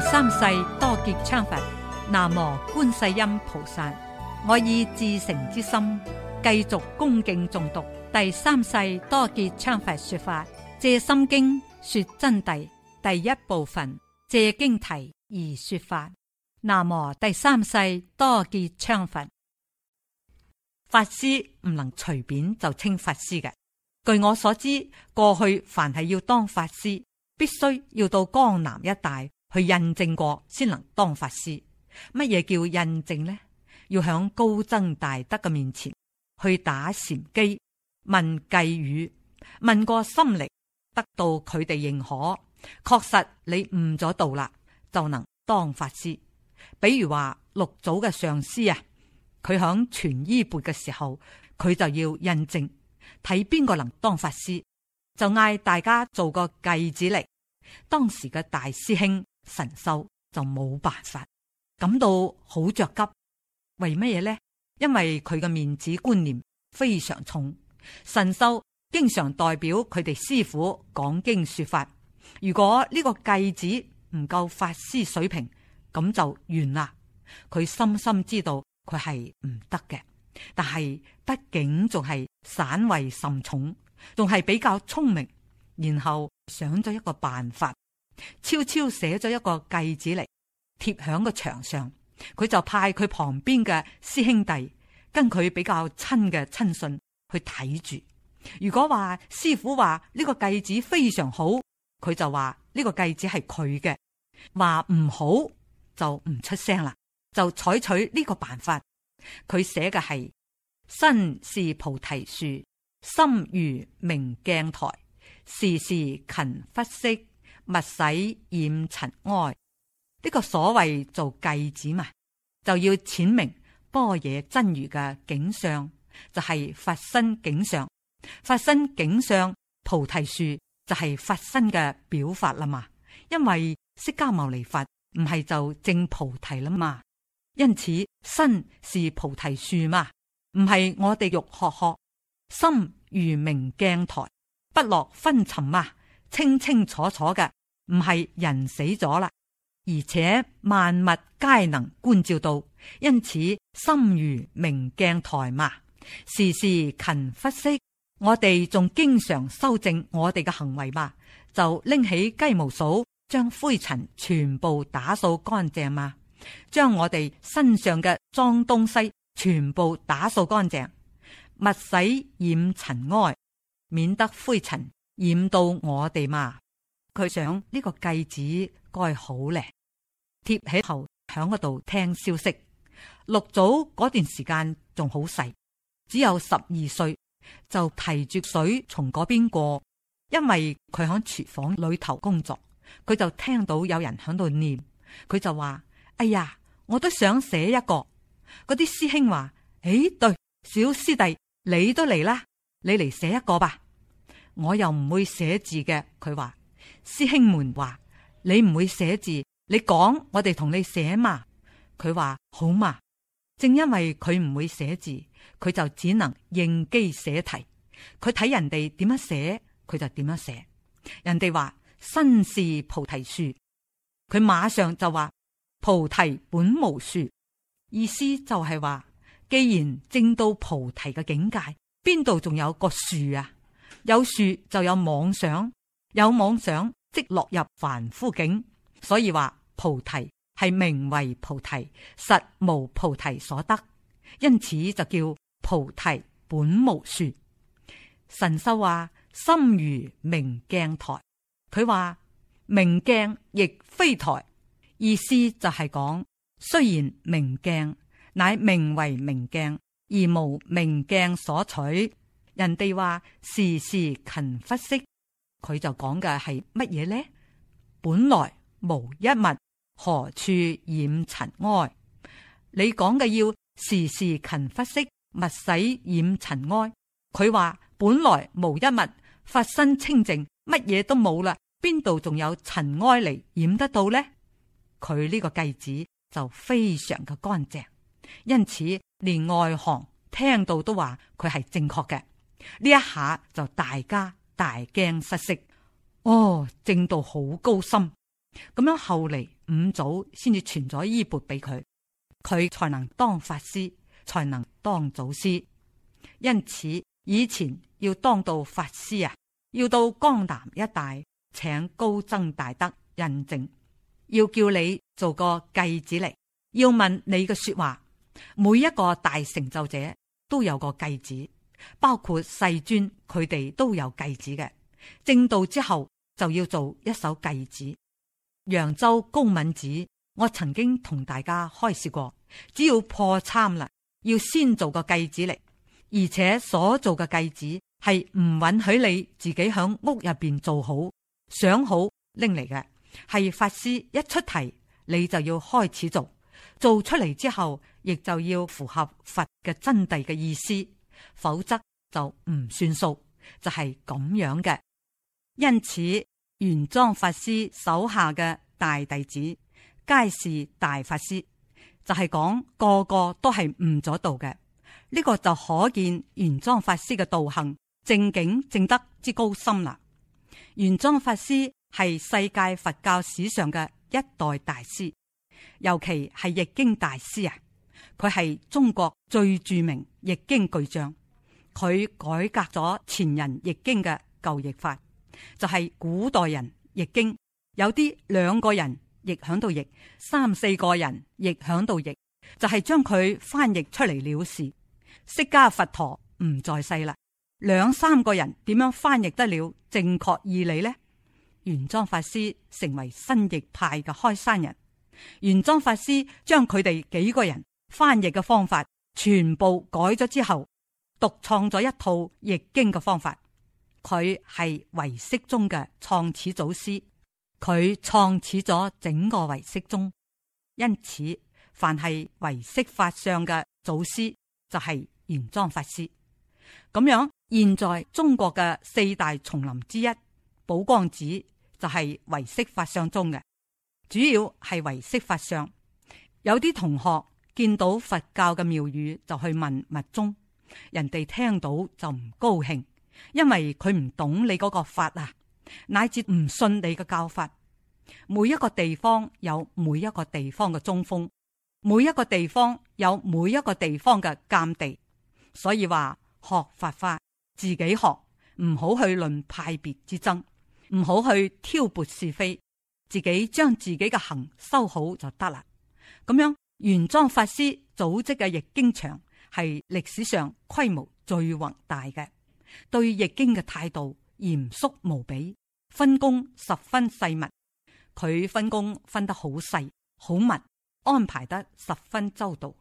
第三世多杰羌佛，南無觀世音菩薩。我以至誠之心，繼續恭敬誦讀第三世多杰羌佛說法《藉心經》說真諦第一部分《藉經題》而說法。南無第三世多杰羌佛。法師唔能隨便就稱法師嘅。據我所知，過去凡係要當法師，必須要到江南一帶。去印證過先能當法師。乜嘢叫印證呢？要響高僧大德嘅面前去打禪機、問偈語、問過心力，得到佢哋認可，確實你悟咗道啦，就能當法師。比如話六祖嘅上師啊，佢響傳衣缽嘅時候，佢就要印證，睇邊個能當法師，就嗌大家做個偈子嚟。當時嘅大師兄。神秀就冇辦法，感到好着急。為乜嘢呢？因為佢嘅面子觀念非常重。神秀經常代表佢哋師父講經說法。如果呢個偈子唔夠法師水平，咁就完啦。佢深深知道佢係唔得嘅。但係畢竟仲係散為甚重，仲係比較聰明。然後想咗一個辦法。悄悄寫咗一個偈子嚟貼喺個牆上，佢就派佢旁邊嘅師兄弟跟佢比較親嘅親信去睇住。如果話師傅話呢個偈子非常好，佢就話呢個偈子係佢嘅；話唔好就唔出聲啦，就採取呢個辦法。佢寫嘅係身是菩提樹，心如明鏡台，時時勤拂拭。勿使惹塵埃。呢、這個所謂做偈子嘛，就要闡明般若真如嘅景象就係、是、佛身景象，佛身景象，菩提樹就係、是、佛身嘅表法啦嘛。因為釋迦牟尼佛唔係就正菩提啦嘛，因此身是菩提樹嘛，唔係我哋肉殼殼，心如明鏡台，不落昏沉嘛，清清楚楚嘅。唔係人死咗啦，而且萬物皆能觀照到，因此心如明鏡台嘛。時時勤拂拭，我哋仲經常修正我哋嘅行為嘛，就拎起雞毛掃，將灰塵全部打掃乾淨嘛，將我哋身上嘅髒東西全部打掃乾淨，勿使染塵埃，免得灰塵染到我哋嘛。佢想呢個偈子該好咧，貼起頭響嗰度聽消息。六祖嗰段時間仲好細，只有十二歲就提住水從嗰邊過，因為佢喺廚房裏頭工作，佢就聽到有人響度念，佢就話：哎呀，我都想寫一個。嗰啲師兄話：哎，對，小師弟你都嚟啦，你嚟寫一個吧。我又唔會寫字嘅，佢話。師兄們話，你唔會寫字,你講我哋同你寫嘛。佢話好嘛。正因為佢唔會寫字,佢就只能應機寫題。佢睇人哋點樣寫,佢就點樣寫。人哋話，身是菩提樹,佢馬上就話，菩提本無樹。意思就係話,既然證到菩提嘅境界,邊度仲有個樹啊？有樹就有妄想。有妄想，即落入凡夫境。所以話菩提係名為菩提，實無菩提所得。因此就叫菩提本無樹，神秀話：心如明鏡台，佢話明鏡亦非台。意思就係講，雖然明鏡乃名為明鏡，而無明鏡所取。人哋話：時時勤拂拭。佢就講嘅係乜嘢呢？本來無一物，何處染塵埃？你講嘅要時時勤拂拭，勿使染塵埃。佢話本來無一物，法身清淨，乜嘢都冇啦，邊度仲有塵埃嚟染得到呢？佢呢個偈子就非常嘅乾淨，因此連外行聽到都話佢係正確嘅。呢一下就大家。大驚失色，哦，正道好高深，咁樣後嚟五祖先至傳咗衣鉢俾佢，佢才能當法師，才能當祖師。因此以前要當到法師啊，要到江南一帶請高僧大德印證，要叫你做個偈子嚟，要問你嘅說話。每一個大成就者都有個偈子。包括世尊，佢哋都有偈子嘅證道之後就要做一首偈子。揚州高旻寺，我曾經同大家開示過，只要破參啦，要先做個偈子嚟，而且所做嘅偈子係唔允許你自己響屋入邊做好想好拎嚟嘅，係法師一出題你就要開始做，做出嚟之後亦就要符合佛嘅真諦嘅意思。否則就唔算數，就係、是、咁樣嘅。因此，玄奘法師手下嘅大弟子皆是大法師，就係、是、講個個都係悟咗道嘅。呢、這個就可見玄奘法師嘅道行、正境、正德之高深啦。玄奘法師係世界佛教史上嘅一代大師，尤其係譯經大師啊。佢係中國最著名譯經巨匠，佢改革咗前人譯經嘅舊譯法，就係古代人譯經有啲兩個人譯響度譯，三四個人譯響度譯，就係將佢翻譯出嚟了事。釋迦佛陀唔在世啦，兩三個人點樣翻譯得了正確義理呢？玄奘法師成為新譯派嘅開山人。玄奘法師將佢哋幾個人。翻譯嘅方法全部改咗之後，獨創咗一套譯經嘅方法。佢係唯識宗嘅創始祖師，佢創始咗整個唯識宗。因此，凡係唯識法相嘅祖師，就係玄奘法師。咁樣，現在中國嘅四大叢林之一寶光寺就係、是、唯識法相宗嘅，主要係唯識法相。有啲同學。見到佛教嘅廟宇就去問密宗，人哋聽到就唔高興，因為佢唔懂你嗰個法啊，乃至唔信你嘅教法。每一個地方有每一個地方嘅中鋒，每一個地方有每一個地方嘅鑒地，所以話學佛法自己學，唔好去論派別之爭，唔好去挑撥是非，自己將自己嘅行修好就得啦。咁樣。原裝法師組織嘅譯經場係歷史上規模最宏大嘅，對譯經嘅態度嚴肅無比，分工十分細密。佢分工分得好細好密，安排得十分周到。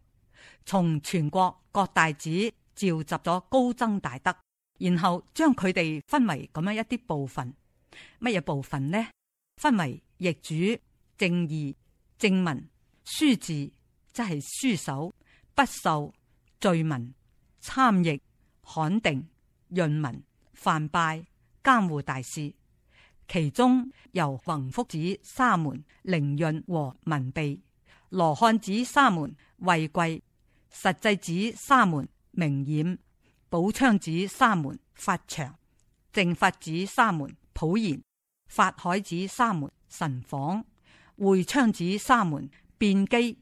從全國各大寺召集咗高僧大德，然後將佢哋分為咁樣一啲部分。乜嘢部分呢？分為譯主、正義、正文、書字。即係書手、不受罪民、參譯、刊定、潤民、犯拜、監護大使，其中由弘福寺沙門靈潤和文備、羅漢寺沙門慧貴、實際寺沙門明琰、寶昌寺沙門法祥、正法寺沙門普賢、法海寺沙門神昉、會昌寺沙門辯機。便機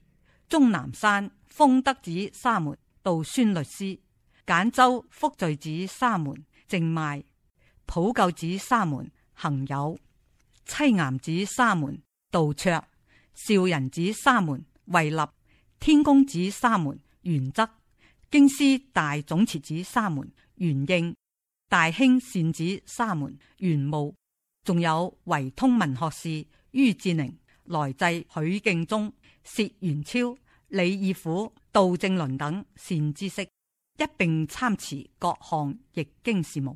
終南山，豐德寺沙門道宣律師；簡州福聚寺沙門淨邁，普救寺沙門行友，棲巖寺沙門道卓，少人寺沙門慧立，天宮寺沙門玄則，京師大總持寺沙門玄應，大興善寺沙門玄茂，仲有為通文學士于志寧，來濟、許敬宗。.薛元超、李義府、杜正倫等善知識一並參持各項譯經事務。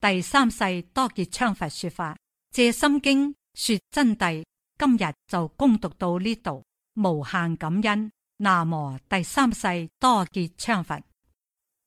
第三世多杰羌佛說法，借心經說真諦。今日就恭讀到呢度，無限感恩。那麼第三世多杰羌佛。